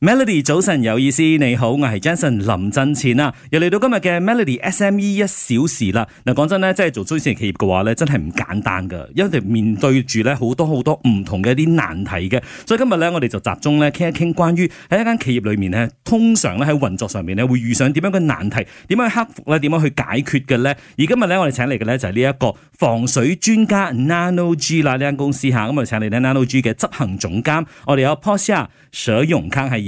Melody 早晨有意思，你好，我係 Jason 林振前啊，又嚟到今日嘅 Melody SME 一小時啦。嗱，講真咧，即係做中小企業嘅話咧，真係唔簡單噶因為面對住咧好多好多唔同嘅一啲難題嘅。所以今日咧，我哋就集中咧傾一傾關於喺一間企業裏面咧，通常咧喺運作上面咧會遇上點樣嘅難題，點樣去克服咧，點樣去解決嘅咧。而今日咧，我哋請嚟嘅咧就係呢一個防水專家 Nano G 啦，呢間公司吓，咁我哋請嚟咧 Nano G 嘅執行總監，我哋有 Pasha 佘勇慷係。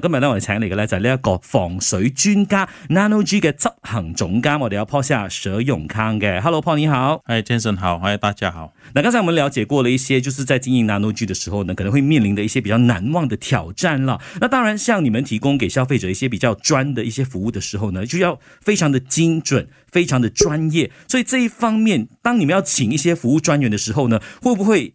今日咧，我哋請嚟嘅咧就係呢一個防水專家 Nano G 嘅執行總監，我哋要 p 下蛇永康嘅 h e l l o p o r s 你好，係，Jason 好，歡迎大家好。那剛才我們了解過了一些，就是在經營 Nano G 的時候呢，可能會面臨的一些比較難忘的挑戰啦。那當然，向你們提供給消費者一些比較專的一些服務的時候呢，就要非常的精準，非常的專業。所以這一方面，當你們要請一些服務專員的時候呢，會不會？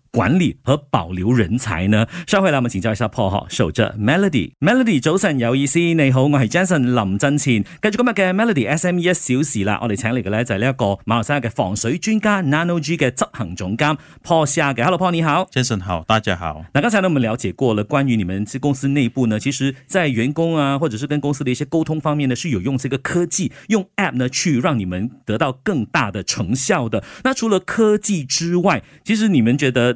管理和保留人才呢？稍後嚟，我們請教一下 Paul 守着 Melody，Melody 早晨有意思，你好，我是 Jason 林真前，跟住今日嘅 Melody SME 一小時啦，我哋請嚟嘅咧就係呢一個馬來西亞嘅防水專家 Nano-G 嘅執行總監 Paul Sir 嘅，Hello Paul 你好，Jason 好，大家好。嗱，剛才呢，我們了解過了，關於你們公司內部呢，其實在員工啊，或者是跟公司的一些溝通方面呢，是有用這個科技，用 App 呢去讓你們得到更大嘅成效的。那除了科技之外，其實你們覺得？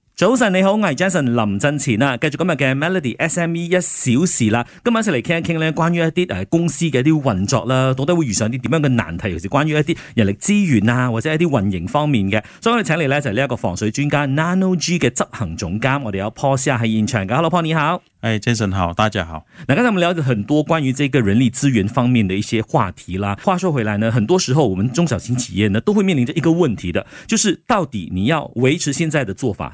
早晨你好，我係 Jason 林振前啦，繼續今日嘅 Melody SME 一小時啦，今晚一齊嚟傾一傾咧，關於一啲誒公司嘅一啲運作啦，到底會遇上啲點樣嘅難題，尤其是關於一啲人力資源啊，或者一啲運營方面嘅，所以我哋請嚟咧就係呢一個防水專家 Nano-G 嘅執行總監，我哋有 Paul 喺現場嘅。hello Paul，你好，誒、hey，Jason 好，大家好，嗱，剛才我們聊咗很多關於這個人力資源方面的一些話題啦。話說回來呢，很多時候我們中小型企業呢都會面臨着一個問題嘅，就是到底你要維持現在的做法，